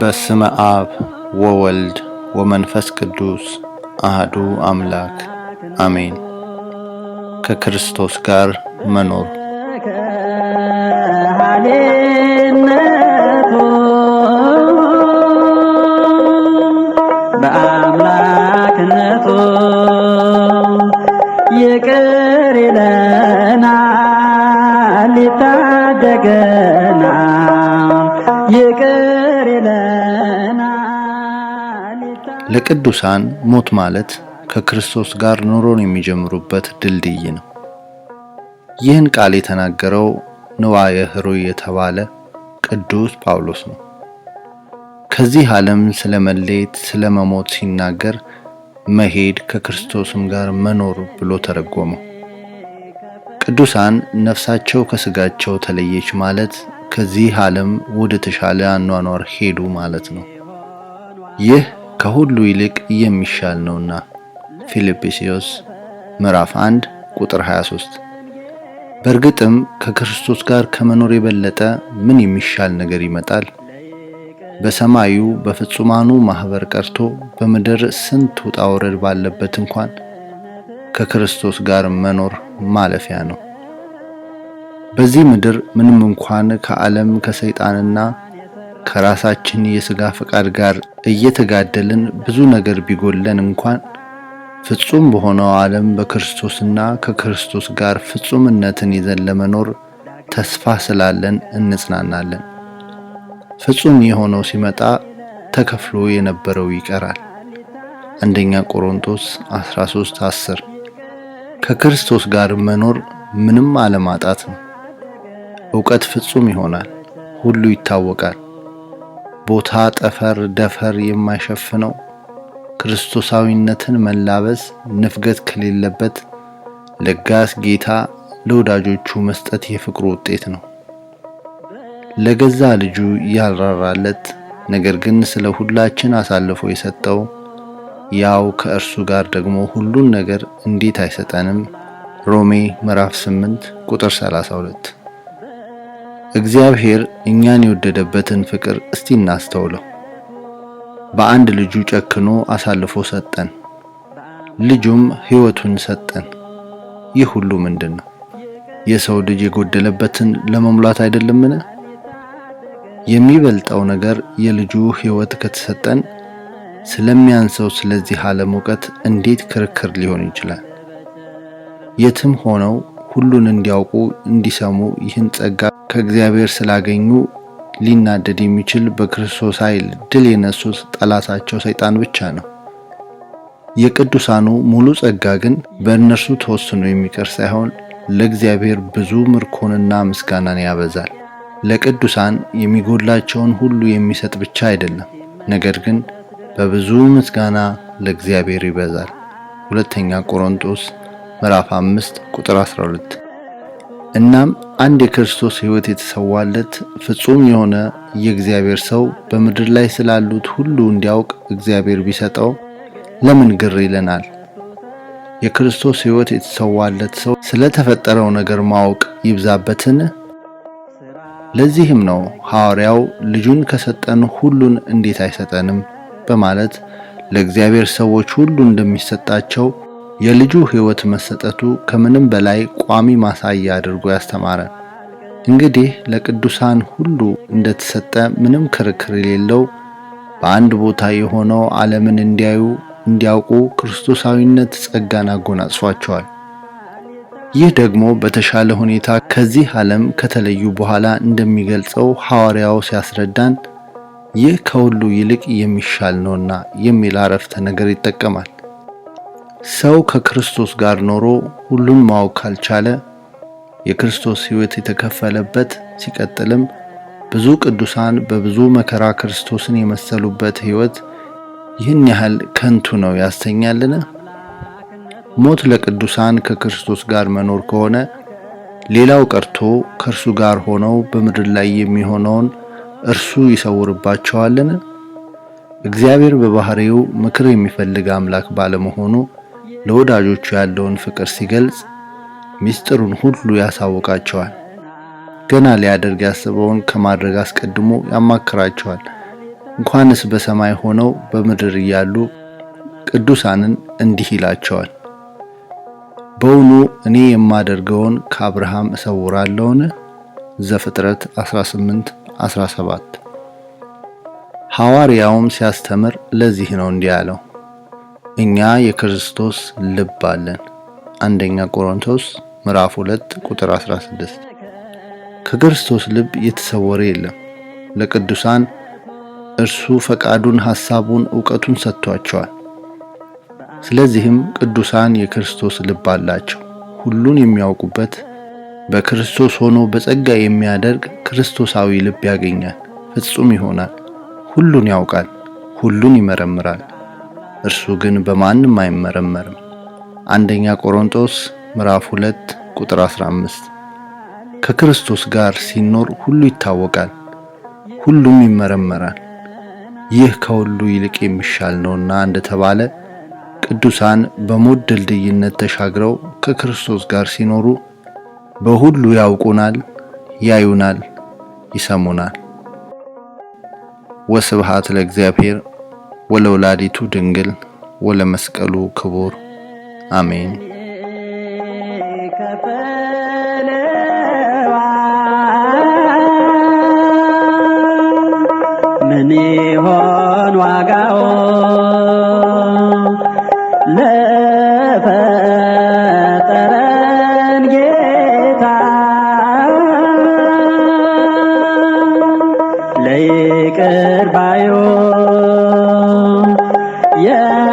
በስመ አብ ወወልድ ወመንፈስ ቅዱስ አህዱ አምላክ አሜን። ከክርስቶስ ጋር መኖር በአምላክነቱ ይቅር እንደገና ይቅር ይለናል። ለቅዱሳን ሞት ማለት ከክርስቶስ ጋር ኑሮን የሚጀምሩበት ድልድይ ነው። ይህን ቃል የተናገረው ንዋየ ሕሩይ የተባለ ቅዱስ ጳውሎስ ነው። ከዚህ ዓለም ስለ መለየት ስለ መሞት ሲናገር መሄድ ከክርስቶስም ጋር መኖር ብሎ ተረጎመው። ቅዱሳን ነፍሳቸው ከስጋቸው ተለየች ማለት ከዚህ ዓለም ወደ ተሻለ አኗኗር ሄዱ ማለት ነው። ይህ ከሁሉ ይልቅ የሚሻል ነውና ፊልጵስዩስ ምዕራፍ 1 ቁጥር 23። በእርግጥም ከክርስቶስ ጋር ከመኖር የበለጠ ምን የሚሻል ነገር ይመጣል? በሰማዩ በፍጹማኑ ማኅበር ቀርቶ በምድር ስንት ውጣ ውረድ ባለበት እንኳን ከክርስቶስ ጋር መኖር ማለፊያ ነው። በዚህ ምድር ምንም እንኳን ከዓለም ከሰይጣንና ከራሳችን የሥጋ ፈቃድ ጋር እየተጋደልን ብዙ ነገር ቢጎለን እንኳን ፍጹም በሆነው ዓለም በክርስቶስና ከክርስቶስ ጋር ፍጹምነትን ይዘን ለመኖር ተስፋ ስላለን እንጽናናለን። ፍጹም የሆነው ሲመጣ ተከፍሎ የነበረው ይቀራል። አንደኛ ቆሮንቶስ 13 10 ከክርስቶስ ጋር መኖር ምንም አለማጣት ነው። እውቀት ፍጹም ይሆናል፣ ሁሉ ይታወቃል። ቦታ ጠፈር ደፈር የማይሸፍነው ክርስቶሳዊነትን መላበስ ንፍገት ከሌለበት ለጋስ ጌታ ለወዳጆቹ መስጠት የፍቅሩ ውጤት ነው። ለገዛ ልጁ ያልራራለት ነገር ግን ስለ ሁላችን አሳልፎ የሰጠው ያው ከእርሱ ጋር ደግሞ ሁሉን ነገር እንዴት አይሰጠንም? ሮሜ ምዕራፍ 8 ቁጥር 32። እግዚአብሔር እኛን የወደደበትን ፍቅር እስቲ እናስተውለው። በአንድ ልጁ ጨክኖ አሳልፎ ሰጠን፣ ልጁም ሕይወቱን ሰጠን። ይህ ሁሉ ምንድን ነው? የሰው ልጅ የጎደለበትን ለመሙላት አይደለምን? የሚበልጠው ነገር የልጁ ሕይወት ከተሰጠን ስለሚያንሰው ስለዚህ ዓለም እውቀት እንዴት ክርክር ሊሆን ይችላል? የትም ሆነው ሁሉን እንዲያውቁ እንዲሰሙ ይህን ጸጋ ከእግዚአብሔር ስላገኙ ሊናደድ የሚችል በክርስቶስ ኃይል ድል የነሱት ጠላታቸው ሰይጣን ብቻ ነው። የቅዱሳኑ ሙሉ ጸጋ ግን በእነርሱ ተወስኖ የሚቀር ሳይሆን ለእግዚአብሔር ብዙ ምርኮንና ምስጋናን ያበዛል። ለቅዱሳን የሚጎድላቸውን ሁሉ የሚሰጥ ብቻ አይደለም፣ ነገር ግን በብዙ ምስጋና ለእግዚአብሔር ይበዛል። ሁለተኛ ቆሮንቶስ ምዕራፍ 5 ቁጥር 12። እናም አንድ የክርስቶስ ሕይወት የተሰዋለት ፍጹም የሆነ የእግዚአብሔር ሰው በምድር ላይ ስላሉት ሁሉ እንዲያውቅ እግዚአብሔር ቢሰጠው ለምን ግር ይለናል? የክርስቶስ ሕይወት የተሰዋለት ሰው ስለተፈጠረው ነገር ማወቅ ይብዛበትን? ለዚህም ነው ሐዋርያው ልጁን ከሰጠን ሁሉን እንዴት አይሰጠንም በማለት ለእግዚአብሔር ሰዎች ሁሉ እንደሚሰጣቸው የልጁ ሕይወት መሰጠቱ ከምንም በላይ ቋሚ ማሳያ አድርጎ ያስተማረ። እንግዲህ ለቅዱሳን ሁሉ እንደተሰጠ ምንም ክርክር የሌለው በአንድ ቦታ የሆነው ዓለምን እንዲያዩ እንዲያውቁ ክርስቶሳዊነት ጸጋን አጎናጽፏቸዋል። ይህ ደግሞ በተሻለ ሁኔታ ከዚህ ዓለም ከተለዩ በኋላ እንደሚገልጸው ሐዋርያው ሲያስረዳን ይህ ከሁሉ ይልቅ የሚሻል ነውና የሚል አረፍተ ነገር ይጠቀማል። ሰው ከክርስቶስ ጋር ኖሮ ሁሉን ማወቅ ካልቻለ የክርስቶስ ሕይወት የተከፈለበት ሲቀጥልም ብዙ ቅዱሳን በብዙ መከራ ክርስቶስን የመሰሉበት ሕይወት ይህን ያህል ከንቱ ነው ያሰኛልን? ሞት ለቅዱሳን ከክርስቶስ ጋር መኖር ከሆነ ሌላው ቀርቶ ከእርሱ ጋር ሆነው በምድር ላይ የሚሆነውን እርሱ ይሰውርባቸዋልን? እግዚአብሔር በባህሪው ምክር የሚፈልግ አምላክ ባለመሆኑ ለወዳጆቹ ያለውን ፍቅር ሲገልጽ ምስጢሩን ሁሉ ያሳውቃቸዋል። ገና ሊያደርግ ያስበውን ከማድረግ አስቀድሞ ያማክራቸዋል። እንኳንስ በሰማይ ሆነው በምድር እያሉ ቅዱሳንን እንዲህ ይላቸዋል። በውኑ እኔ የማደርገውን ከአብርሃም እሰውራለሁን? ዘፍጥረት 18 17 ሐዋርያውም ሲያስተምር ለዚህ ነው እንዲህ ያለው፣ እኛ የክርስቶስ ልብ አለን። አንደኛ ቆሮንቶስ ምዕራፍ 2 ቁጥር 16። ከክርስቶስ ልብ የተሰወረ የለም። ለቅዱሳን እርሱ ፈቃዱን፣ ሐሳቡን፣ ዕውቀቱን ሰጥቷቸዋል። ስለዚህም ቅዱሳን የክርስቶስ ልብ አላቸው፣ ሁሉን የሚያውቁበት በክርስቶስ ሆኖ በጸጋ የሚያደርግ ክርስቶሳዊ ልብ ያገኛል፣ ፍጹም ይሆናል፣ ሁሉን ያውቃል፣ ሁሉን ይመረምራል። እርሱ ግን በማንም አይመረመርም። አንደኛ ቆሮንቶስ ምዕራፍ 2 ቁጥር 15። ከክርስቶስ ጋር ሲኖር ሁሉ ይታወቃል፣ ሁሉም ይመረመራል። ይህ ከሁሉ ይልቅ የሚሻል ነውና እንደተባለ ቅዱሳን በሞት ድልድይነት ተሻግረው ከክርስቶስ ጋር ሲኖሩ በሁሉ ያውቁናል፣ ያዩናል፣ ይሰሙናል። ወስብሃት ለእግዚአብሔር ወለወላዲቱ ድንግል ወለመስቀሉ ክቡር አሜን። ምን ይሆን ዋጋው Yeah.